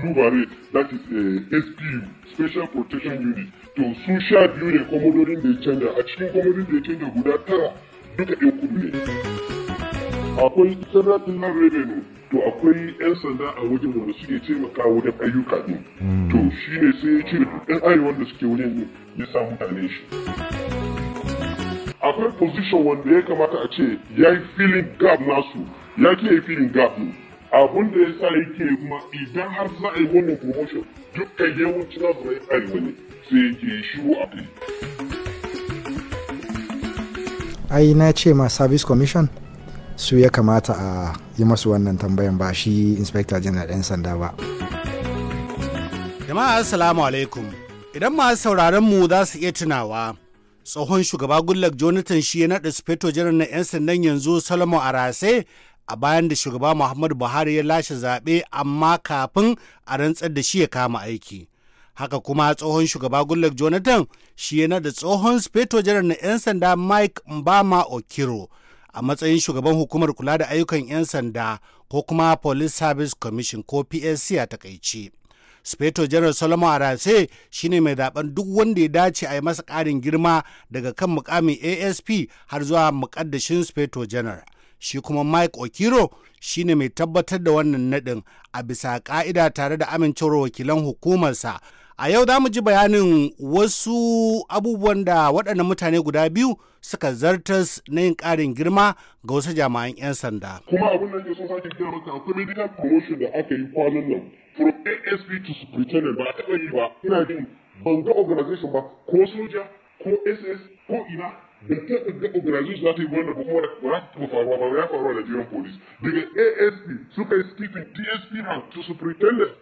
Bubare, that is a eh, SPU, Special Protection Unit, to sun sha biyu ne komododin da ya canja, a cikin komododin da ya canja guda tara duka ɗan kudu ne. Akwai Federal Inland Revenue, to akwai 'yan sanda a wajen wanda suke taimaka wajen ayyuka ɗin To shi ne sai ya cire duk 'yan arewa da suke wajen ne ya sa mutane shi. Akwai position wanda ya kamata a ce ya yi filin gab nasu, ya ke filin gab ne. abun da ya sa yake kuma idan har za a yi wannan promotion dukkan yawancin nasarai arewa wani sai yake shiru a kai ai na ce ma service commission su ya kamata a yi masu wannan tambayan ba shi inspector general ɗan sanda ba jama'a assalamu alaikum idan masu sauraron mu za su iya tunawa tsohon shugaba gullak jonathan shi ya naɗa sufeto general na 'yan sandan yanzu salomo arase a bayan da shugaba Muhammadu Buhari ya lashe zaɓe amma kafin a rantsar da shi ya kama aiki. Haka kuma tsohon shugaba Goodluck Jonathan shi yana da tsohon speto janar na 'yan sanda Mike Mbama Okiro a matsayin shugaban hukumar kula da ayyukan 'yan sanda ko kuma Police Service Commission ko PSC a takaice. Speto General Solomon Arase ne mai zaben duk wanda ya dace a yi masa ƙarin girma daga kan mukamin ASP har zuwa mukaddashin Speto General. shi kuma mike okiro shine mai tabbatar da wannan nadin a bisa ka'ida tare da amincewar wakilan hukumarsa a yau za mu ji bayanin wasu abubuwan da waɗannan mutane guda biyu suka zartas na yin ƙarin girma ga wasu jami'an 'yan sanda. kuma abin da ke so sake kira maka akwai medical promotion da aka yi kwanan nan from asp to superintendent ba a taɓa yi ba ina jin ban ga organization ba ko soja ko ss ko ina ban taɓa ga organization za ta yi wannan ba kuma ba za ta taɓa faruwa ba ya faruwa da jiran police daga asp suka yi skipping dsp rank to superintendent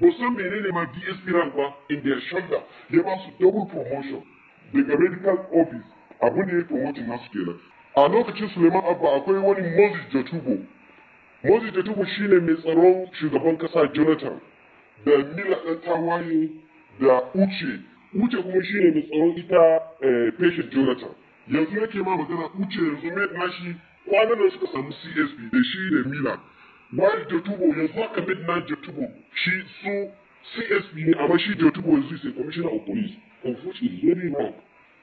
ba san ne ma dsp rank ba in their shoulder ya ba su double promotion daga medical office abin da ya promoting nasu kenan a lokacin suleiman abba akwai wani moses jatubo moses jatubo shine mai tsaron shugaban kasa jonathan da mila ɗan tawaye da uche uche kuma shine mai tsaron ita eh, patient jonathan yanzu nake ma magana uce yanzu mai nashi kwanan da suka samu csp da shi da mila wani jatubo yanzu haka mai na jatubo shi su csp ne amma shi jatubo yanzu sai commissioner of police unfortunately very wrong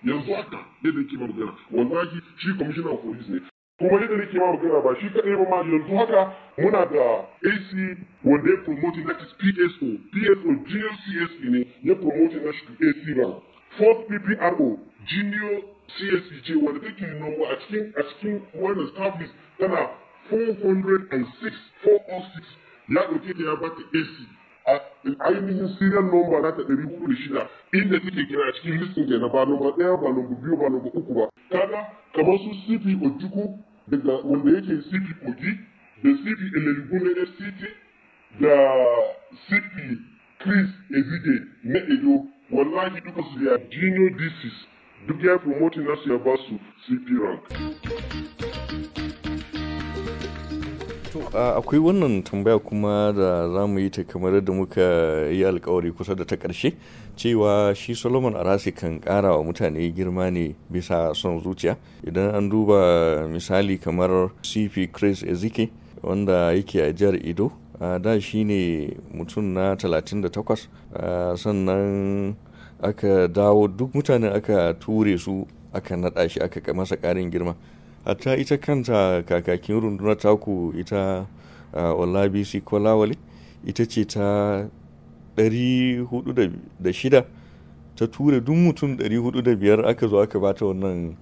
yanzu haka yadda nake ma magana wallahi shi commissioner of police ne kuma yadda nake ma magana ba shi kaɗai ba ma yanzu haka muna da AC wanda ya promoting that is PSO PSO GLCSP ne ya promoting that to AC ba fourth PPRO junior CSC ce wanda take nowa a cikin a cikin wannan staff list tana 406 406 ya ɗauke da ya bata AC a ainihin serial number na ta ɗari inda take kira a cikin listin ke na ba nomba ɗaya ba nomba biyu ba nomba uku ba kaga kamar su CP Ojukwu daga wanda yake CP oji da CP na fct da CP Chris Ezide na Edo wallahi duka su ya junior disease duk ya promoting nasu ya ba su cp rank akwai wannan tambaya kuma da za mu yi ta kamar da muka yi alkawari kusa da ta ƙarshe cewa shi solomon arasi kan ƙara wa mutane girma ne bisa son zuciya idan an duba misali kamar cp chris ezike wanda yake a jihar ido da shi ne mutum na 38 sannan aka dawo duk mutane aka ture su aka naɗa shi aka masa ƙarin girma hatta ita kanta kakakin rundunar taku ita olabisi kolawale ita ce ta 406 ta tura duk mutum 405 aka zo aka bata wannan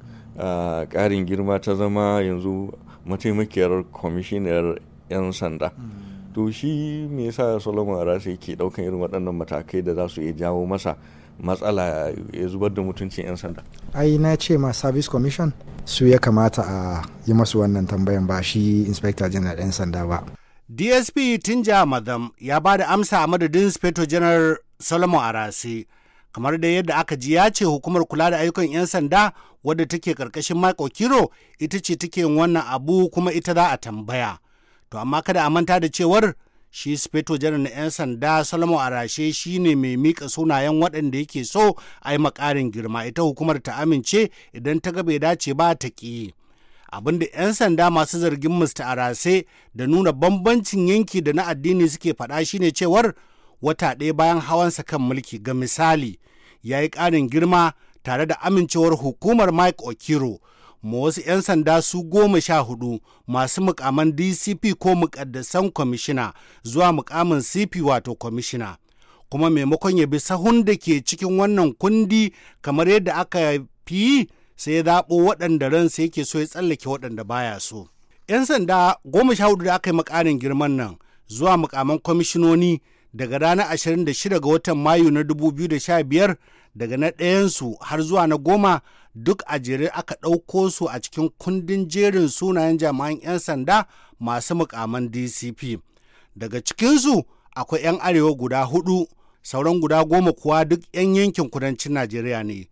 ƙarin girma ta zama yanzu mataimakiyar kwamishinar 'yan sanda mm. to shi me yasa solomon arasa yake daukan irin waɗannan matakai da za su iya jawo masa matsala ya zubar da mutuncin 'yan sanda ai na ce ma service commission su ya kamata a yi masu wannan tambayan ba shi inspector general 'yan sanda ba dsp tinja madam ya ba da amsa a madadin inspector general solomon arasi kamar da yadda aka ji ya ce hukumar kula da ayyukan 'yan sanda wadda take karkashin michael kiro ita ce take wannan abu kuma ita za a tambaya to amma kada a manta da cewar shi speto janar na 'yan sanda solomon arashe shi ne mai mika sunayen waɗanda yake so a yi makarin girma ita hukumar ta amince idan ta bai dace ba ta ƙi da 'yan sanda masu zargin mr arase da nuna bambancin yanki da na addini suke faɗa ne cewar wata ɗaya bayan hawansa kan mulki ga misali ya yi ƙarin girma tare da amincewar hukumar mike okiro ma wasu 'yan sanda su goma sha hudu masu mukaman dcp ko mukaddasan kwamishina zuwa mukamin cp wato kwamishina kuma maimakon ya bi sahun da ke cikin wannan kundi kamar yadda aka fi sai ya zaɓo waɗanda ransa yake so ya tsallake waɗanda baya so 'yan sanda goma sha hudu da aka yi mukanin girman nan zuwa mukaman kwamishinoni daga ranar 26 ga watan Mayu na 2015 daga na ɗayansu har zuwa na goma duk a jere aka ɗauko su a cikin kundin jerin sunayen jami'an 'yan sanda masu mukaman DCP. Daga cikinsu akwai 'yan arewa guda hudu, sauran guda goma kuwa duk 'yan yankin kudancin Najeriya ne.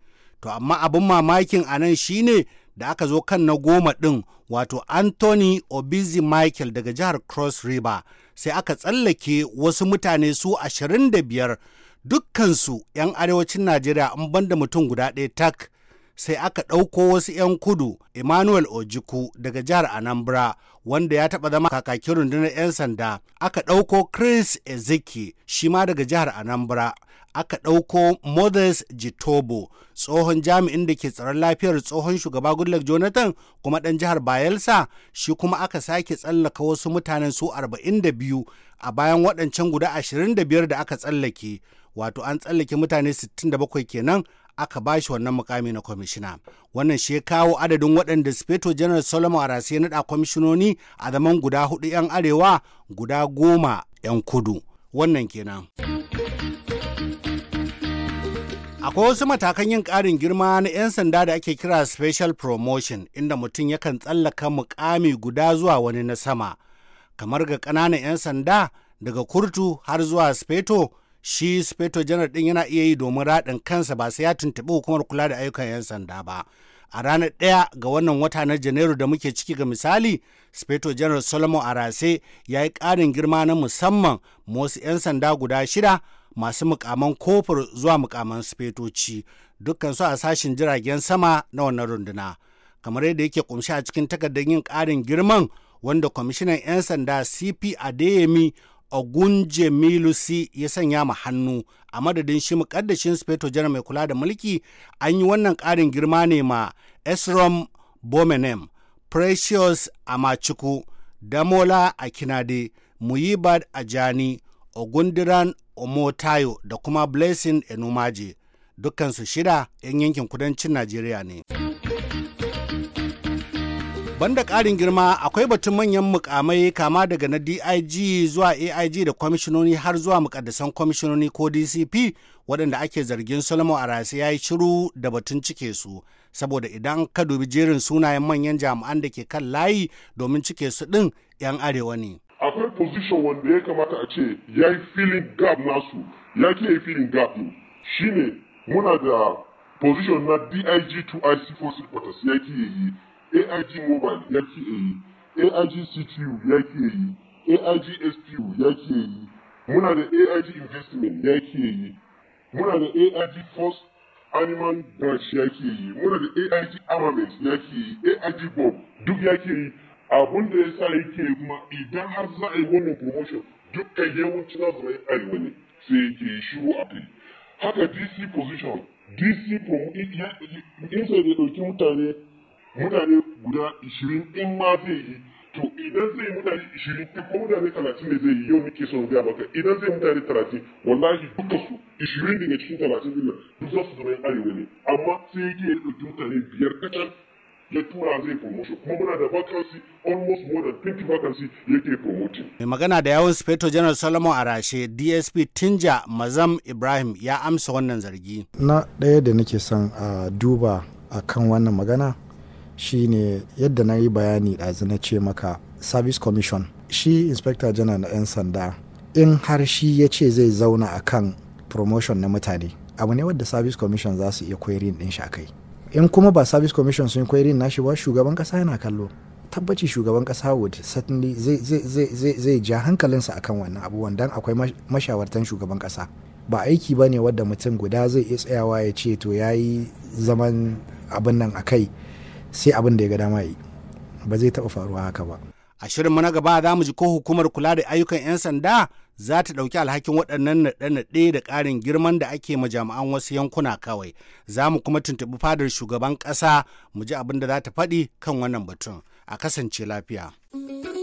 To amma abin mamakin a nan shine da aka zo kan na goma ɗin wato anthony obizi michael daga jihar cross river sai aka tsallake wasu mutane su 25 dukkansu 'yan arewacin najeriya an banda mutum guda ɗaya tak sai aka ɗauko wasu 'yan kudu emmanuel ojiku daga jihar anambra wanda ya taɓa zama kakakin rundunar 'yan sanda aka ɗauko chris ezeki shi ma daga jihar anambra aka ɗauko Moses Jitobo tsohon jami'in da ke tsaron lafiyar tsohon shugaba Goodluck Jonathan kuma ɗan jihar Bayelsa shi kuma aka sake tsallaka wasu mutanen su 42 a bayan waɗancan guda 25 da aka tsallake wato an tsallake mutane 67 kenan aka ba shi wannan mukami na kwamishina wannan shi kawo adadin waɗanda speto general solomon arasi ya naɗa kwamishinoni a zaman guda hudu 'yan arewa guda goma 'yan kudu wannan kenan. Akwai wasu matakan yin ƙarin girma na 'yan sanda da ake kira special promotion inda mutum yakan tsallaka mukami guda zuwa wani na sama. Kamar ga ƙananan 'yan sanda daga kurtu har zuwa speto, shi speto janar ɗin yana iya yi domin raɗin kansa ba sai ya tuntuɓi hukumar kula da ayyukan 'yan sanda ba. a ranar ɗaya ga wannan wata na janairu da muke ciki ga misali speto general solomon arase ya yi ƙarin girma na musamman wasu 'yan sanda guda shida masu mukaman kofur zuwa mukaman sufetoci dukkansu a sashen jiragen sama na wannan runduna kamar yadda yake kumshi a cikin takardar yin ƙarin girman wanda kwamishinan 'yan sanda cp adeyemi ogunje milusi ya sanya ma hannu a madadin shi mukaddashin sufeto janar mai kula da mulki an yi wannan ƙarin girma ne ma esrom bomenem precious amachuku damola a akinade muyibad jani. ogundiran omotayo da kuma blessing enumaje dukansu shida 'yan yankin kudancin najeriya ne banda ƙarin girma akwai batun manyan mukamai kama daga na dig zuwa aig da kwamishinoni har zuwa mukaddasan kwamishinoni ko dcp waɗanda ake zargin solomon arasi ya yi shiru da batun cike su saboda idan ka dubi jerin sunayen manyan jami'an da ke kan layi domin cike su ɗin 'yan arewa ne akwai position wanda ya kamata a ce ya yi filin gap nasu ya ke yi filin gap ɗin shine muna da position na dig to ic force quarters ya ke yi aig mobile ya ke yi aig ctu ya ke yi aig spu ya ke yi muna da aig investment ya ke yi muna da aig force animal branch ya ke yi muna da aig armament ya ke yi aig bomb duk ya ke yi abun da ya sa yake ma idan har za a yi wani promotion dukkan yawanci za su yi arewa ne sai yake shiru a kai haka dc position dc promotion in sai da dauki mutane mutane guda 20 in ma zai yi to idan zai mutane 20 in ko mutane 30 ne zai yi yau nake son gaya maka idan zai mutane 30 wallahi duka su 20 daga cikin 30 din duk za su zama arewa ne amma sai yake dauki mutane biyar kacal Mai magana da yawon Speto General Solomon Arashe DSP Tinja Mazam Ibrahim ya amsa wannan zargi. Na ɗaya da nake son a duba a kan wannan magana shine yadda na yi bayani ɗazu na ce maka service commission shi inspector general na 'yan sanda in har shi ya ce zai zauna a kan promotion na mutane abu ne wadda service commission za su iya querying ɗin shi a kai in kuma ba service commission sun rin nashi ba shugaban kasa yana kallo tabbaci shugaban kasa wood certainly zai ja hankalinsa akan wannan abubuwan dan akwai mashawartan shugaban kasa ba aiki ba ne wadda mutum guda zai iya tsayawa ya ce to ya yi zaman abin nan a kai sai abin da ya ga dama yi ba zai taɓa faruwa haka ba a shirin na gaba za mu ji ko hukumar kula da ayyukan 'yan sanda za ta ɗauki alhakin waɗannan naɗe-naɗe da ƙarin girman da ake ma jami'an wasu yankuna kawai za mu kuma tuntuɓi fadar shugaban ƙasa mu ji abin da za ta faɗi kan wannan batun a kasance lafiya.